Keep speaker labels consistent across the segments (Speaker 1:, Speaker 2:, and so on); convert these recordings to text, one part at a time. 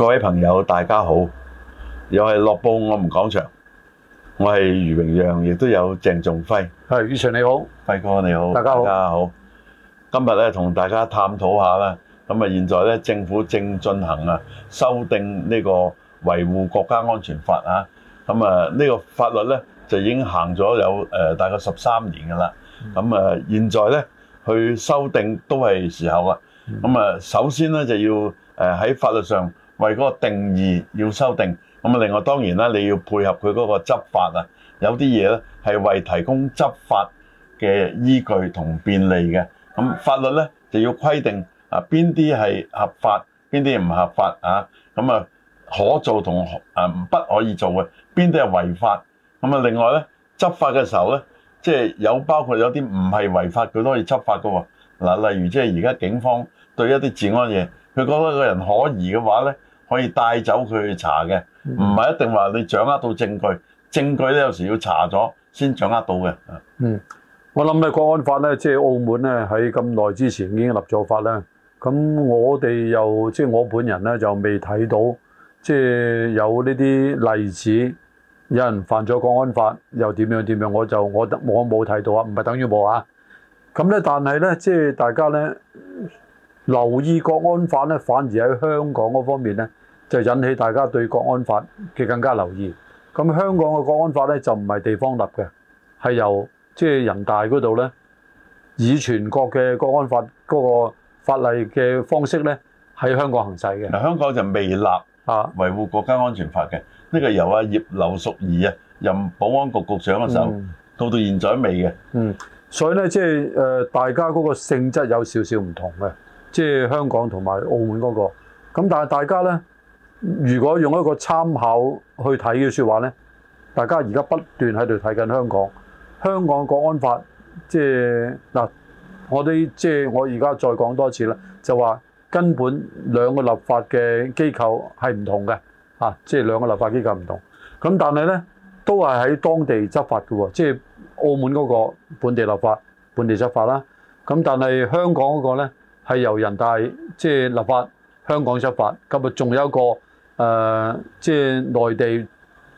Speaker 1: 各位朋友，大家好，又係《樂報我唔講場，我係余榮讓，亦都有鄭仲輝，係余常你好，輝哥你好，大家好。大家好，今日咧同大家探討下啦。咁啊，現在咧政府正進行啊修訂呢個維護國家安全法啊。咁啊，呢個法律咧就已經行咗有誒大概十三年噶啦。咁啊，現在咧去修訂都係時候啦。咁啊，首先咧就要誒喺法律上。為嗰個定義要修訂，咁啊，另外當然啦，你要配合佢嗰個執法啊，有啲嘢咧係為提供執法嘅依據同便利嘅。咁法律咧就要規定啊，邊啲係合法，邊啲唔合法啊？咁啊，可做同誒不可以做嘅，邊啲係違法。咁啊，另外咧執法嘅時候咧，即係有包括有啲唔係違法，佢都可以執法嘅喎。嗱，例如即係而家警方對一啲治安嘢，佢覺得個人可疑嘅話咧。可以帶走佢去查嘅，唔係一定話你掌握到證據，證據咧有時要查咗先掌握到嘅。
Speaker 2: 嗯，我諗咧國安法咧，即係澳門咧喺咁耐之前已經立咗法啦。咁我哋又即係我本人咧就未睇到，即係有呢啲例子，有人犯咗國安法又點樣點樣，我就我得我冇睇到啊，唔係等於冇啊。咁咧，但係咧即係大家咧留意國安法咧，反而喺香港嗰方面咧。就引起大家對國安法嘅更加留意。咁香港嘅國安法咧就唔係地方立嘅，係由即係人大嗰度咧以全國嘅國安法嗰個法例
Speaker 1: 嘅方式咧喺香港行使嘅。嗱，香港就未立啊維護國家安全法嘅，呢個由阿葉劉淑儀啊任保安局局長嘅時候到到現在未嘅。嗯，
Speaker 2: 所以咧即係誒大家嗰個性質有少少唔同嘅，即係香港同埋澳門嗰個。咁但係大家咧。如果用一個參考去睇嘅説話呢大家而家不斷喺度睇緊香港，香港嘅國安法即係嗱，我哋，即係我而家再講多次啦，就話根本兩個立法嘅機構係唔同嘅，啊，即係兩個立法機構唔同，咁但係呢都係喺當地執法嘅喎，即係澳門嗰個本地立法、本地執法啦，咁但係香港嗰個呢係由人大即係立法、香港執法，今日仲有一個。誒、呃，即係內地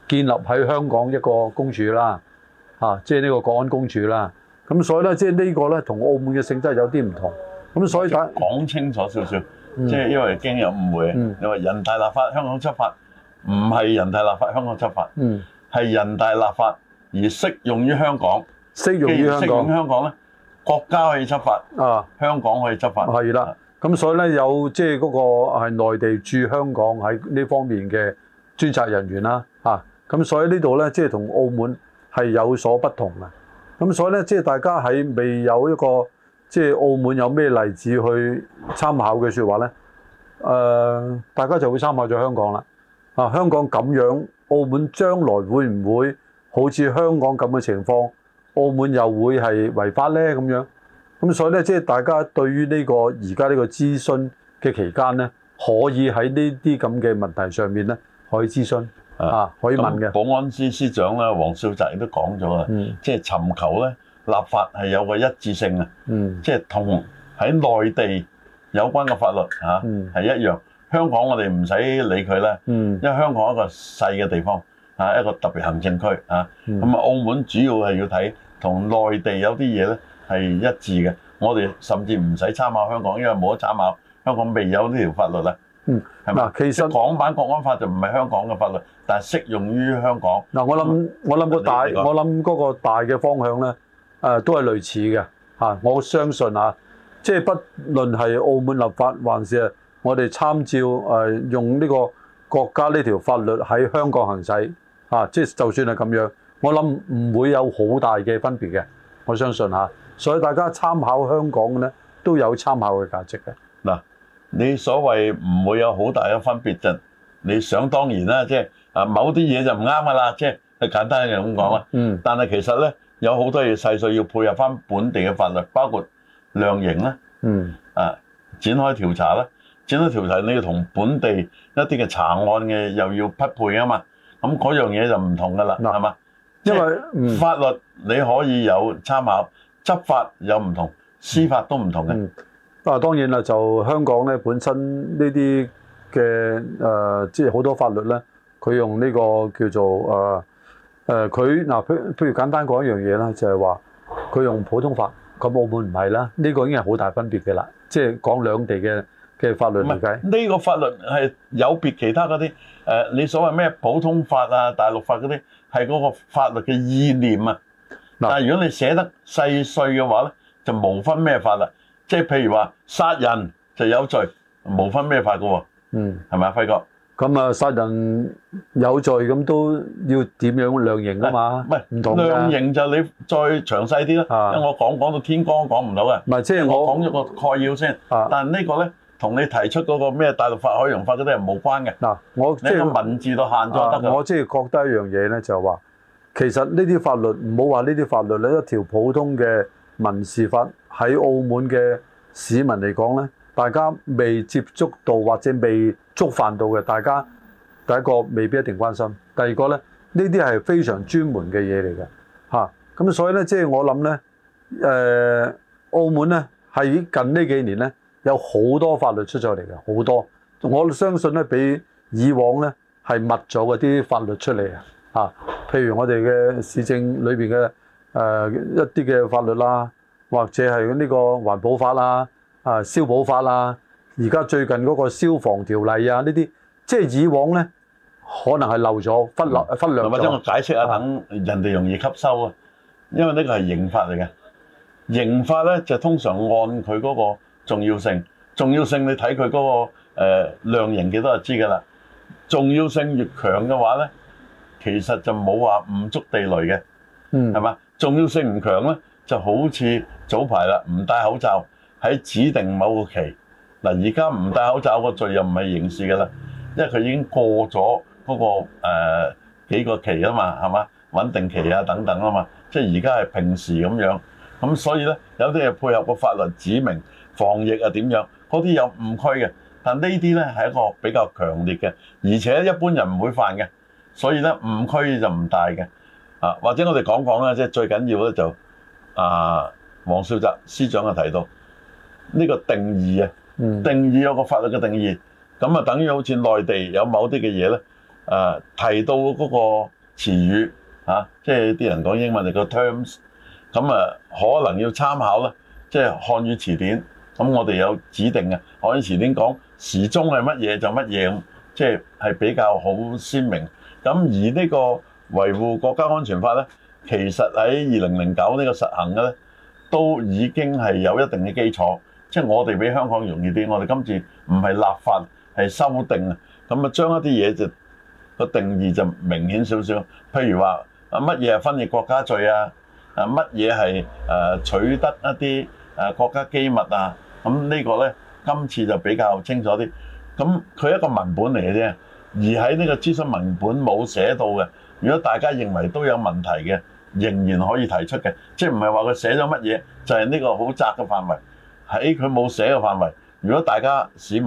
Speaker 2: 建立喺香港一個公署啦，嚇、啊，即係呢個國安公署
Speaker 1: 啦。咁、啊、
Speaker 2: 所以咧，即係呢個咧
Speaker 1: 同澳門嘅性質有啲唔同。咁、啊、所以講清楚少少，嗯，即係因為驚有誤會。你話人大立法，香港執法，唔係人大立法，香港執法，係人，嗯、人大立法而適用於香港。適用於香港咧，啊，國家可以執法，啊，香港可以執法，係、啊、啦。是的。咁
Speaker 2: 所以咧有即係嗰個係內地駐香港喺呢方面嘅專責人員啦，吓，咁所以呢度咧即係同澳門係有所不同嘅。咁所以咧即係大家喺未有一個即係、就是、澳門有咩例子去參考嘅說話咧，誒、啊、大家就會參考咗香港啦。啊，香港咁樣，澳門將來會唔會好似香港咁嘅情況？澳門又會係違法咧咁樣？咁所以咧，即係大家對於呢個而家呢個諮詢嘅期間咧，可以喺呢啲咁嘅問題上面咧，可以諮詢
Speaker 1: 啊，可以問嘅。保安司司長咧，黃少澤亦都講咗啊，即、嗯、係、就是、尋求咧立法係有個一致性啊，即係同喺內地有關嘅法律嚇係、啊嗯、一樣。香港我哋唔使理佢咧、嗯，因為香港是一個細嘅地方啊，一個特別行政區啊，咁、嗯、啊，澳門主要係要睇同內地有啲嘢咧。係一致嘅，我哋甚至唔使參考香港，因為冇得參考。香港未有呢條法律啊，嗯，係嘛？其實是是港版《國安法》就唔係香港嘅法律，但係適用於香港。嗱、嗯，我諗我諗個大，
Speaker 2: 我諗嗰個大嘅方向咧，誒、呃、都係類似嘅嚇、啊。我相信嚇、啊，即、就、係、是、不論係澳門立法，還是係我哋參照誒、啊、用呢個國家呢條法律喺香港行使嚇，即、啊、係、就是、就算係咁樣，我諗唔會有好大嘅分別嘅。
Speaker 1: 我相信嚇、啊。所以大家參考香港嘅咧，都有參考嘅價值嘅。嗱、啊，你所謂唔會有好大嘅分別就你想當然啦，即係啊，某啲嘢就唔啱噶啦，即係簡單嘅咁講啦。嗯。但係其實咧，有好多嘢細碎要配合翻本地嘅法律，包括量刑啦。嗯。啊，展開調查啦，展開調查你要同本地一啲嘅查案嘅又要匹配啊嘛。咁嗰樣嘢就唔同噶啦，係、啊、嘛？因為、嗯、法律你可以有參考。執法有唔同，司法都唔同嘅。啊、嗯，當然啦，就
Speaker 2: 香港咧本身呢啲嘅誒，即係好多法律咧，佢用呢個叫做誒誒，佢、呃、嗱、呃，譬如譬如簡單講一樣嘢啦，就係話佢用普通法，咁澳門唔係啦，呢、呢個已經係好大分別嘅啦。即、就、係、是、講兩地嘅
Speaker 1: 嘅法律問題，呢、呢個法律係有別其他嗰啲誒，你所謂咩普通法啊、大陸法嗰啲，係嗰個法律嘅意念啊。但係如果你寫得細碎嘅話咧，就無分咩法啦。即係譬如話殺人就有罪，無分咩法噶喎。嗯，係咪啊，輝哥？咁、嗯、啊，殺人有
Speaker 2: 罪咁都要點樣量刑啊嘛？
Speaker 1: 唔係唔同、啊、量刑就你再詳細啲啦。因為我講講到天光都講唔到嘅。唔係即係我講咗個概要先。啊、但係呢個咧同你提出嗰個咩大陸法、海洋法嗰啲係冇關嘅。嗱、啊，我即係、就是、文字到限得嘅、啊。我
Speaker 2: 即係、就是、覺得一樣嘢咧，就話、是。其實呢啲法律唔好話呢啲法律，呢一條普通嘅民事法，喺澳門嘅市民嚟講呢，大家未接觸到或者未觸犯到嘅，大家第一個未必一定關心，第二個呢，呢啲係非常專門嘅嘢嚟嘅吓，咁所以呢，即係我諗呢，誒、呃、澳門呢係近呢幾年呢有好多法律出咗嚟嘅，好多，我相信呢，比以往呢係密咗嗰啲法律出嚟啊吓譬如我哋嘅市政裏邊嘅誒一啲嘅法律啦，或者係呢個環保法啦、啊、呃、消保法啦，而家最近嗰個消防條例啊呢啲，即係以往咧可能係漏
Speaker 1: 咗、忽略、忽略咗。或者我解釋啊，等人哋容易吸收啊，因為呢個係刑法嚟嘅，刑法咧就通常按佢嗰個重要性，重要性你睇佢嗰個、呃、量刑幾多就知㗎啦，重要性越強嘅話咧。其實就冇話唔觸地雷嘅，嗯，係嘛？重要性唔強咧，就好似早排啦，唔戴口罩喺指定某個期，嗱而家唔戴口罩個罪又唔係刑事嘅啦，因為佢已經過咗嗰、那個誒、呃、幾個期啊嘛，係嘛？穩定期啊等等啊嘛，即係而家係平時咁樣，咁所以咧有啲係配合個法律指明防疫啊點樣，嗰啲有誤區嘅，但這些呢啲咧係一個比較強烈嘅，而且一般人唔會犯嘅。所以咧誤區就唔大嘅啊，或者我哋講講啦，即係最緊要咧就是、啊，黃少澤司長就提到呢、呢個定義啊，定義有個法律嘅定義，咁啊等於好似內地有某啲嘅嘢咧啊提到嗰個詞語、啊、即係啲人講英文你、嗰個 terms，咁啊可能要參考咧，即係漢語詞典。咁我哋有指定嘅漢語詞典講時鐘係乜嘢就乜嘢，即係係比較好鮮明。咁而呢個維護國家安全法呢，其實喺二零零九呢個實行嘅呢，都已經係有一定嘅基礎。即係我哋比香港容易啲，我哋今次唔係立法係修訂啊，咁啊將一啲嘢就個定義就明顯少少。譬如話啊，乜嘢係分裂國家罪啊？啊，乜嘢係取得一啲誒國家機密啊？咁呢個呢，今次就比較清楚啲。咁佢一個文本嚟嘅啫。而喺呢個諮詢文本冇寫到嘅，如果大家認為都有問題嘅，仍然可以提出嘅，即係唔係話佢寫咗乜嘢，就係呢個好窄嘅範圍，喺佢冇寫嘅範圍，如果大家市民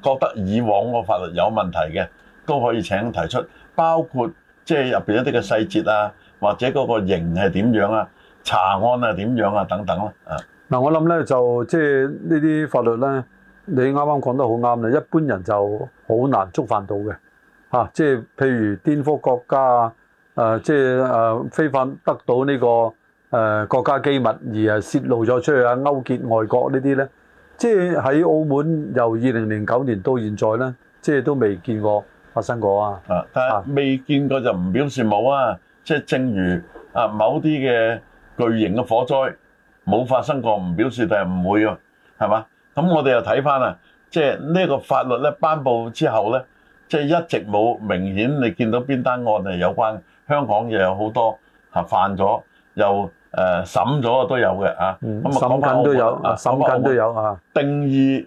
Speaker 1: 覺得以往個法律有問題嘅，都可以請提出，包括即係入邊一啲嘅細節啊，或者嗰個刑係點樣啊，查案啊點樣啊等等啦，啊，
Speaker 2: 嗱我諗咧就即係呢啲法律咧，你啱啱講得好啱啦，一般人就好難觸犯到嘅。啊，即係譬如顛覆國家啊，誒，即係誒非法得到呢個誒國家機密而係泄露咗出去啊，勾結外國呢啲咧，即係喺澳門由二零
Speaker 1: 零九年到現在咧，即係都未見過發生過啊。啊，但係未見過就唔表示冇啊，即係正如啊某啲嘅巨型嘅火災冇發生過，唔表示但係唔會啊，係嘛？咁我哋又睇翻啊，即係呢個法律咧頒布之後咧。即、一直冇明顯，你見到邊單案係有關香港嘢？有好多犯咗又誒、呃、審咗都有嘅啊、嗯、審緊都有啊，審緊都有啊。定義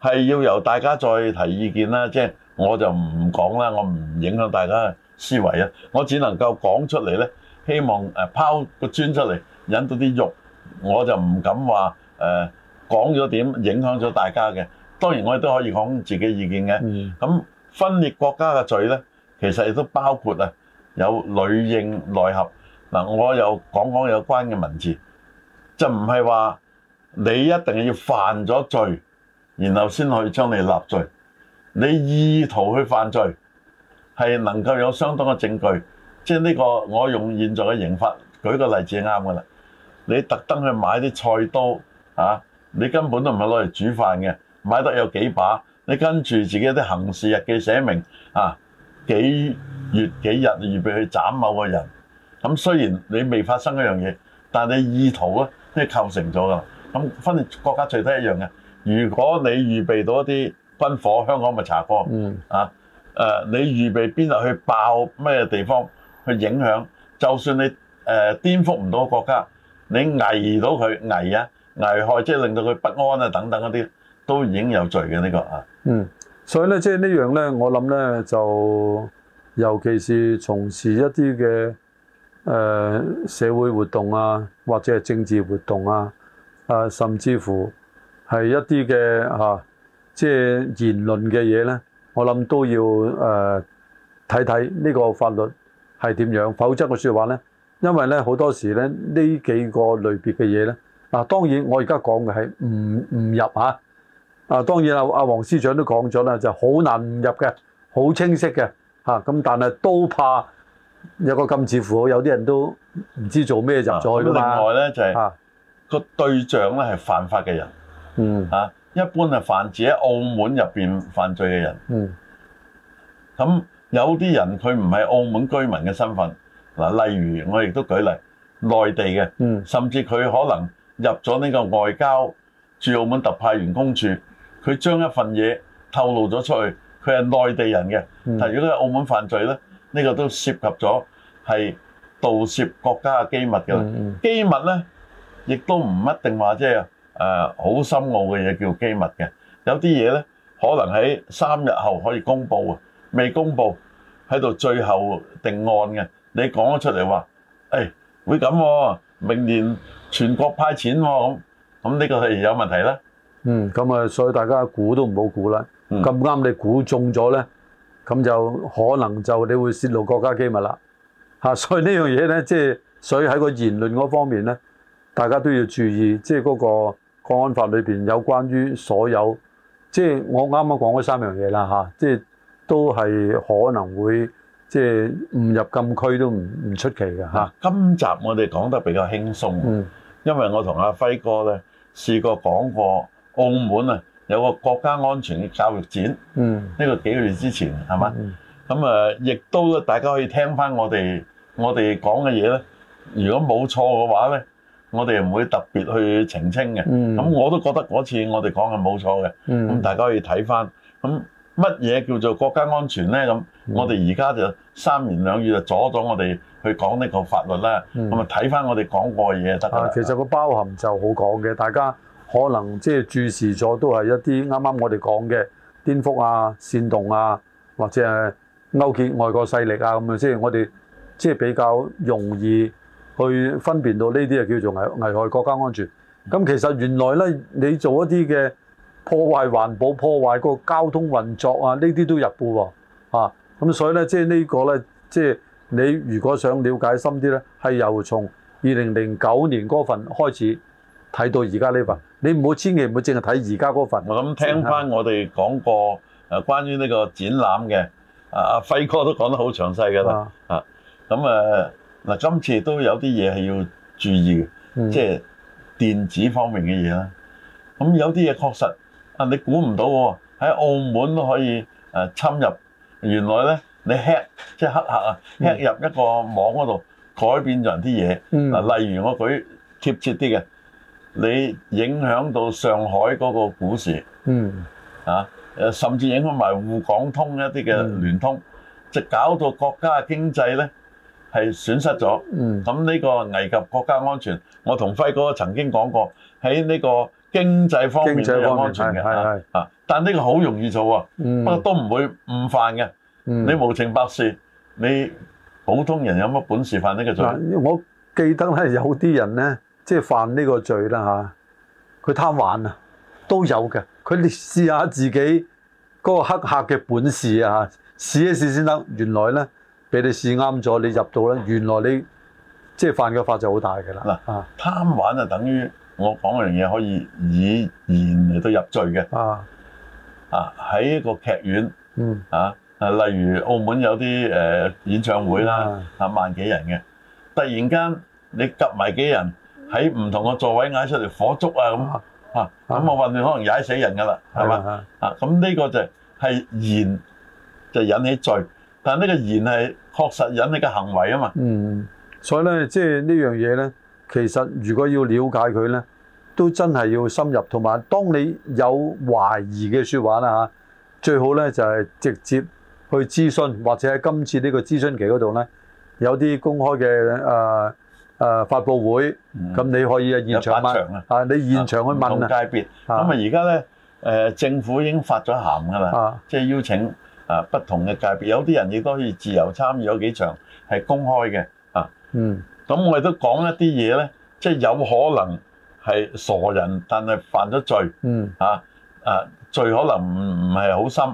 Speaker 1: 係要由大家再提意見啦，即、我就唔講啦，我唔影響大家嘅思維啊，我只能夠講出嚟咧，希望誒拋個磚出嚟引到啲肉，我就唔敢話誒講咗點影響咗大家嘅。當然我亦都可以講自己意見嘅，咁、嗯。分裂國家嘅罪呢，其實亦都包括啊，有裏應內合嗱，我又講講有關嘅文字，就唔係話你一定要犯咗罪，然後先可以將你立罪。你意圖去犯罪，係能夠有相當嘅證據，即係呢個我用現在嘅刑法舉個例子係啱嘅啦。你特登去買啲菜刀啊，你根本都唔係攞嚟煮飯嘅，買得有幾把。你跟住自己啲行事日記寫明啊，幾月幾日你預備去斬某個人。咁雖然你未發生一樣嘢，但係你意圖咧，即係構成咗噶。咁分裂國家最低一樣嘅。如果你預備到一啲軍火，香港咪查貨。嗯。啊，誒，你預備邊日去爆咩地方去影響？就算你誒、呃、顛覆唔到國家，你危到佢危啊，危害即係令到佢不安啊，等等嗰啲。都已經有罪嘅，呢個啊，嗯，
Speaker 2: 所以咧，即係呢樣咧，我諗咧就，尤其是從事一啲嘅誒社會活動啊，或者係政治活動啊，啊，甚至乎係一啲嘅嚇，即係言論嘅嘢咧，我諗都要誒睇睇呢個法律係點樣，否則嘅説話咧，因為咧好多時咧呢幾個類別嘅嘢咧，嗱、啊、當然我而家講嘅係唔唔入嚇。啊。啊，當然啦、啊！阿黃司長都講咗啦，就好難入嘅，好清晰嘅嚇。咁、啊、但係都怕有個禁止符合，有啲人都唔知道做咩就罪啦。啊、另外
Speaker 1: 咧就係、是、個、啊、對象咧係犯法嘅人，嚇、嗯啊、一般係犯自喺澳門入邊犯罪嘅人。咁、嗯、有啲人佢唔係澳門居民嘅身份嗱、啊，例如我亦都舉例內地嘅、嗯，甚至佢可能入咗呢個外交駐澳門特派員公署。佢將一份嘢透露咗出去，佢係內地人嘅。但係如果係澳門犯罪咧，呢個都涉及咗係盜竊國家嘅機密嘅。機密咧，亦都唔一定話即係誒好深奧嘅嘢叫機密嘅。有啲嘢咧，可能喺三日後可以公佈啊，未公佈喺度最後定案嘅。你講咗出嚟話，誒會咁喎，明年全國派錢喎，咁咁呢個係有問題啦。
Speaker 2: 嗯，咁啊，所以大家估都唔好估啦。咁啱你估中咗咧，咁就可能就你會泄露國家機密啦吓。所以呢樣嘢咧，即係，所以喺個言論嗰方面咧，大家都要注意，即係嗰個《國安法》裏面有關於所有，即係我啱啱講嗰三樣嘢啦吓，即係都係可能會即係
Speaker 1: 唔入禁區都唔唔出奇嘅吓。嗯，今集我哋講得比較輕鬆，因為我同阿輝哥咧試過講過。澳門啊，有個國家安全嘅教育展，嗯，呢個幾個月之前係嘛，咁啊，亦、嗯、都大家可以聽翻我哋我哋講嘅嘢咧。如果冇錯嘅話咧，我哋唔會特別去澄清嘅。咁、嗯、我都覺得嗰次我哋講嘅冇錯嘅。咁、嗯、大家可以睇翻，咁乜嘢叫做國家安全咧？咁我哋而家就三言兩語就阻咗我哋去講呢個法律啦。咁、嗯、啊，睇翻我哋講過嘅嘢得。其實
Speaker 2: 個包含就好講嘅，大家。可能即係注視咗都係一啲啱啱我哋講嘅顛覆啊、煽動啊，或者係勾結外國勢力啊咁樣，即係我哋即係比較容易去分辨到呢啲叫做危危害國家安全。咁其實原來咧，你做一啲嘅破壞環保、破壞個交通運作啊，呢啲都入部啊。咁所以咧，即係呢個咧，即係你如果想了解深啲咧，係由從二零零九年嗰份開始。睇到而家呢份，你唔好千祈唔好淨係睇而家嗰份。我諗聽翻我哋
Speaker 1: 講過誒關於呢個展覽嘅，阿輝哥都講得好詳細㗎啦、啊。啊，咁誒嗱，今次都有啲嘢係要注意嘅、嗯，即係電子方面嘅嘢啦。咁有啲嘢確實啊，你估唔到喎、哦，喺澳門都可以誒侵入。原來咧，你 hack 即係黑客啊、嗯、hack 入一個網嗰度改變咗人啲嘢。嗱、嗯啊，例如我舉貼切啲嘅。你影響到上海嗰個股市，嗯啊，誒甚至影響埋滬港通一啲嘅聯通、嗯，就搞到國家嘅經濟咧係損失咗，嗯，咁呢個危及國家安全。我同輝哥曾經講過喺呢個經濟方面有安全嘅嚇、啊，但呢個好容易做啊、嗯，不過都唔會誤犯嘅、嗯。你無情百事，你普通人有乜本事犯呢個罪、
Speaker 2: 啊？我記得咧有啲人咧。即、就、係、是、犯呢個罪啦嚇，佢貪玩啊，都有嘅。佢試下自己嗰個黑客嘅本事啊，試一試先得。原來咧，俾你試啱咗，你入到咧，原來你即係、就是、犯嘅法就好大嘅啦。嗱啊，貪玩
Speaker 1: 就等於我講嘅樣嘢，可以以言嚟到入罪嘅。啊啊，喺個劇院、嗯、啊，例如澳門有啲誒演唱會啦、嗯，啊萬幾人嘅，突然間你夾埋幾人。喺唔同嘅座位嗌出嚟火燭啊，咁啊，咁我運你可能踩死人噶啦，係嘛？咁呢個就係言就是、引起罪，但呢個言係確實引起嘅行為啊嘛。
Speaker 2: 嗯，所以咧，即係呢樣嘢咧，其實如果要了解佢咧，都真係要深入，同埋當你有懷疑嘅說話啦吓，最好咧就係直接去諮詢，或者喺今次個諮詢呢個諮詢期嗰度咧有啲公開嘅誒。呃誒、啊、發佈會，咁、嗯、你可以啊現場問場啊，啊，你現場去問、啊、界別，咁啊而
Speaker 1: 家咧誒政府已經發咗函噶啦，即、啊、係、就是、邀請啊，啊不同嘅界別，有啲人亦都可以自由參與咗幾場，係公開嘅啊。嗯，咁我亦都講一啲嘢咧，即、就、係、是、有可能係傻人，但係犯咗罪。嗯。嚇、啊！啊，罪可能唔唔係好深，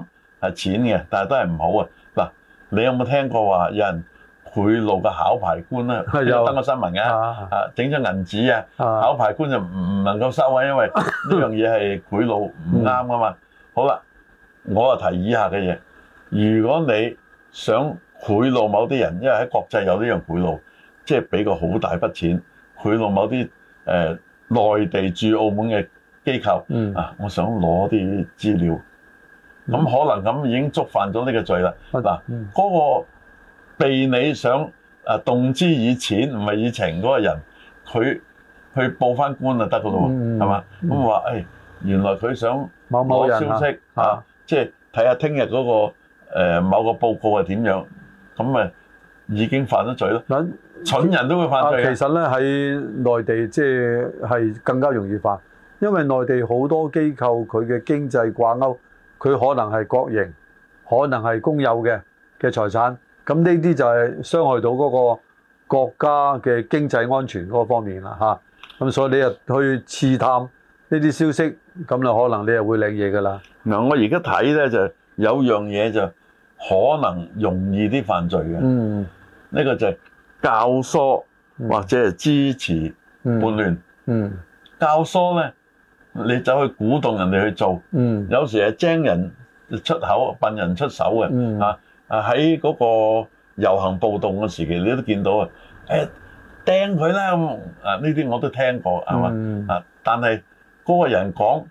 Speaker 1: 係淺嘅，但係都係唔好啊。嗱，你有冇聽過話有人？賄賂嘅考牌官啦，又登個新聞嘅，啊整咗、啊、銀紙啊，考牌官就唔唔能夠收啊，因為呢樣嘢係賄賂唔啱噶嘛。嗯、好啦，我話提以下嘅嘢，如果你想賄賂某啲人，因為喺國際有呢樣賄賂，即係俾個好大筆錢賄賂某啲誒、呃、內地駐澳門嘅機構、嗯、啊，我想攞啲資料，咁可能咁已經觸犯咗呢個罪啦。嗱、嗯、嗰、嗰個。被你想誒動之以錢，唔係以情嗰個人，佢去報翻官就得㗎咯，係、嗯、嘛？咁話誒，原來佢想攞消息某某啊，即係睇下聽日嗰個、呃、某個報告係點樣，咁咪已經犯咗罪咯。蠢人都會犯罪。其
Speaker 2: 實咧喺內地、就是，即係係更加容易犯，因為內地好多機構佢嘅經濟掛鈎，佢可能係國營，可能係公有嘅嘅財產。咁呢啲就係傷害到嗰個國家嘅經濟安全嗰個方面啦吓，咁所以你又去刺探呢啲消息，咁就可能你又會領嘢噶啦。嗱、啊，我而
Speaker 1: 家睇咧就有樣嘢就可能容易啲犯罪嘅。嗯，呢、呢個就係教唆或者係支持叛、嗯、亂嗯。嗯，教唆咧，你走去鼓動人哋去做。嗯，有時係精人出口，笨人出手嘅。嗯。啊！喺嗰個遊行暴動嘅時期，你都見到啊，誒掟佢啦咁啊！呢啲我都聽過係嘛啊？但係嗰個人講，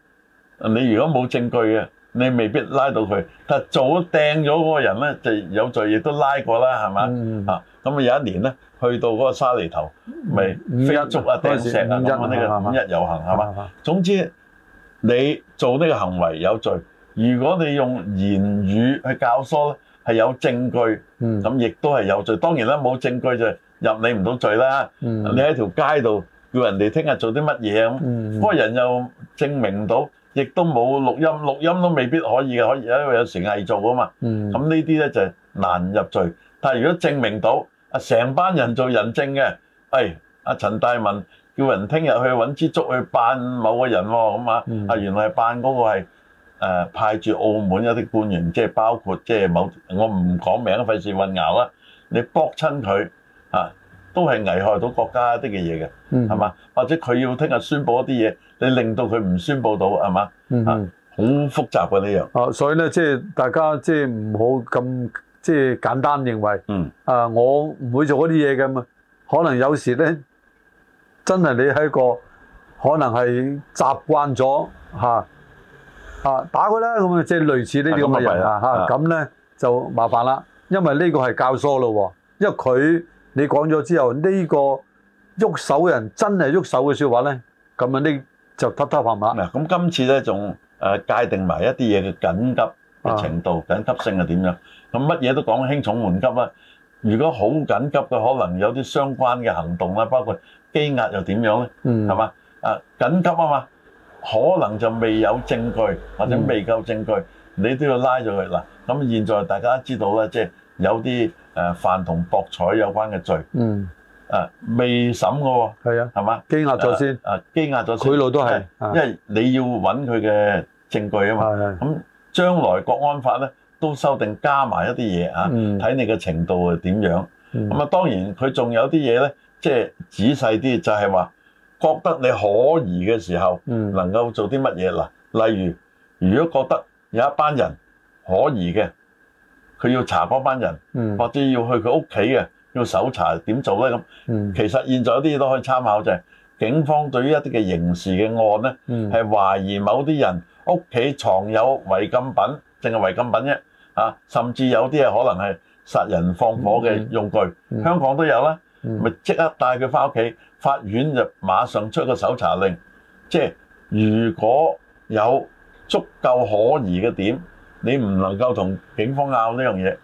Speaker 1: 你如果冇證據嘅，你未必拉到佢。但係做掟咗嗰個人咧，就有罪，亦都拉過啦，係嘛啊？咁啊，有一年咧，去到嗰個沙梨頭，咪飛一竹啊，掟石啊，講緊呢個五一遊行係嘛？總之你做呢個行為有罪。如果你用言語去教唆咧，係有證據，咁亦都係有罪。當然啦，冇證據就入你唔到罪啦。你喺條街度叫人哋聽日做啲乜嘢啊？咁，不過人又證明到，亦都冇錄音，錄音都未必可以嘅，可以因為有時偽造啊嘛。咁呢啲咧就難入罪。但係如果證明到啊，成班人做人證嘅，喂，阿陳大文叫人聽日去揾支竹去扮某個人喎，咁啊，啊原來係扮嗰個係。誒派住澳門一啲官員，即係包括即係某，我唔講名，費事混淆啦。你駁親佢嚇，都係危害到國家一啲嘅嘢嘅，係、嗯、嘛？或者佢要聽日宣佈一啲嘢，你令到佢唔宣佈到係嘛？嚇，好、嗯啊、複雜嘅呢樣。
Speaker 2: 哦、啊，所以咧，即係大家即係唔好咁即係簡單認為。嗯。啊，我唔會做嗰啲嘢嘅嘛。可能有時咧，真係你喺個可能係習慣咗嚇。啊啊，打佢啦！咁啊，即係類似呢啲咁嘅人啊，嚇咁咧就麻煩啦、啊。因為呢個係教唆咯，因為佢你講咗之後，這個、呢個喐手人真係喐手嘅説話咧，
Speaker 1: 咁啊，嗯、這呢就揼揼下嘛。嗱，咁今次咧仲誒界定埋一啲嘢嘅緊急嘅程度、啊、緊急性係點樣？咁乜嘢都講輕重緩急啦、啊。如果好緊急嘅，可能有啲相關嘅行動啦、啊，包括羈押又點樣咧？嗯，係嘛？誒、啊、緊急啊嘛！可能就未有證據，或者未夠證據，嗯、你都要拉咗佢嗱。咁現在大家都知道啦，即係有啲犯同博彩有關嘅罪，嗯，啊、未審嘅喎，係啊，係嘛？羈押咗先，誒羈押咗先，佢老都係、啊，因為你要揾佢嘅證據啊嘛。咁、啊、將來國安法咧都修訂加埋一啲嘢啊，睇、嗯、你嘅程度係點樣。咁、嗯、啊，當然佢仲有啲嘢咧，即係仔細啲就係話。覺得你可疑嘅時候，能夠做啲乜嘢？嗱，例如如果覺得有一班人可疑嘅，佢要查嗰班人，或者要去佢屋企嘅，要搜查點做咧咁？其實現在有啲嘢都可以參考，就係警方對於一啲嘅刑事嘅案咧，係懷疑某啲人屋企藏有違禁品，淨係違禁品啫啊，甚至有啲係可能係殺人放火嘅用具，香港都有啦，咪即刻帶佢翻屋企。法院就馬上出個搜查令，即係如果有足夠可疑嘅點，你唔能夠同警方拗呢樣嘢。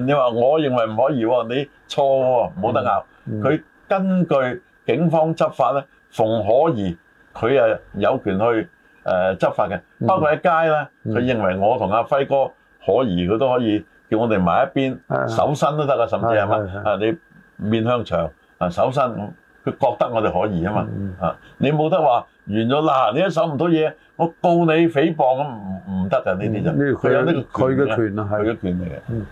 Speaker 1: 你話我認為唔可疑喎、哦，你錯喎、哦，冇、嗯、得拗。佢、嗯、根據警方執法咧，逢可疑，佢係有權去誒、呃、執法嘅。包括喺街咧，佢、嗯、認為我同阿輝哥可疑，佢都可以叫我哋埋一邊，搜、啊、身都得㗎，甚至係嘛啊，啊，啊，啊，你面向牆啊，搜身。覺得我哋可疑、嗯、啊嘛嚇！你冇得話完咗嗱，你一收唔到嘢，我告你誹謗咁唔唔得噶呢啲就。佢、嗯、有呢個佢嘅權,權,權、嗯、啊，係佢嘅權嚟嘅。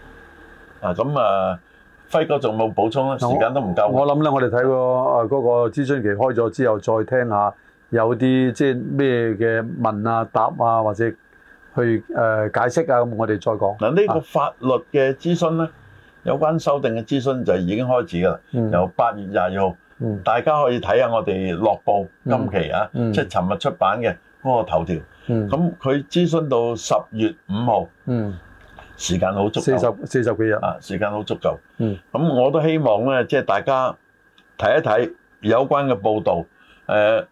Speaker 1: 啊咁啊，輝哥仲冇補充咧？時間都唔夠。我
Speaker 2: 諗咧，我哋睇、嗰個啊嗰、嗰個諮詢期開咗之後，再聽下有啲即係咩嘅問啊答啊，或者去誒、呃、解釋啊咁，我哋再講。
Speaker 1: 嗱、啊、呢、呢個法律嘅諮詢咧，有關修訂嘅諮詢就已經開始噶啦、嗯，由八月廿二號。嗯、大家可以睇下我哋《樂報》今期啊，嗯嗯、即係尋日出版嘅嗰個頭條。嗯，咁佢諮詢到十月五號。嗯，時間好足夠。四十、四十幾日啊，時間好足夠。嗯、咁、嗯、我都希望咧，即、就、係、是、大家睇一睇有關嘅報導。誒、呃，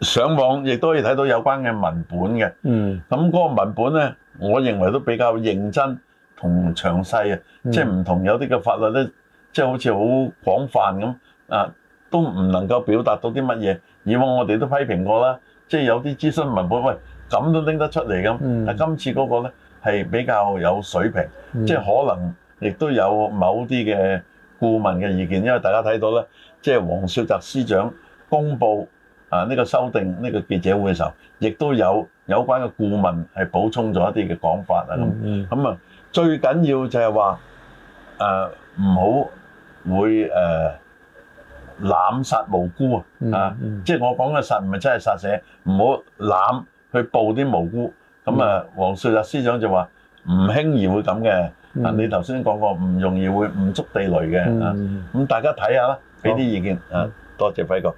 Speaker 1: 上網亦都可以睇到有關嘅文本嘅。嗯，咁嗰個文本咧，我認為都比較認真同詳細、嗯就是不同就是、啊，即係唔同有啲嘅法律咧，即係好似好廣泛咁啊。都唔能夠表達到啲乜嘢，以往我哋都批評過啦，即係有啲諮詢文本，喂，咁都拎得出嚟咁。但、嗯、今次嗰個呢係比較有水平，嗯、即係可能亦都有某啲嘅顧問嘅意見，因為大家睇到呢，即係黃少澤司長公布啊呢、呢個修訂呢、呢個記者會嘅時候，亦都有有關嘅顧問係補充咗一啲嘅講法啊咁。咁啊、嗯嗯，最緊要就係話誒唔好會誒。呃濫殺無辜啊！啊，嗯嗯、即係我講嘅殺，唔係真係殺死，唔好濫去報啲無辜。咁啊，嗯、黃瑞立司長就話唔輕易會咁嘅、嗯。啊，你頭先講過唔容易會誤觸地雷嘅。啊，咁、嗯啊、大家睇下啦，俾啲意見啊，多謝輝哥。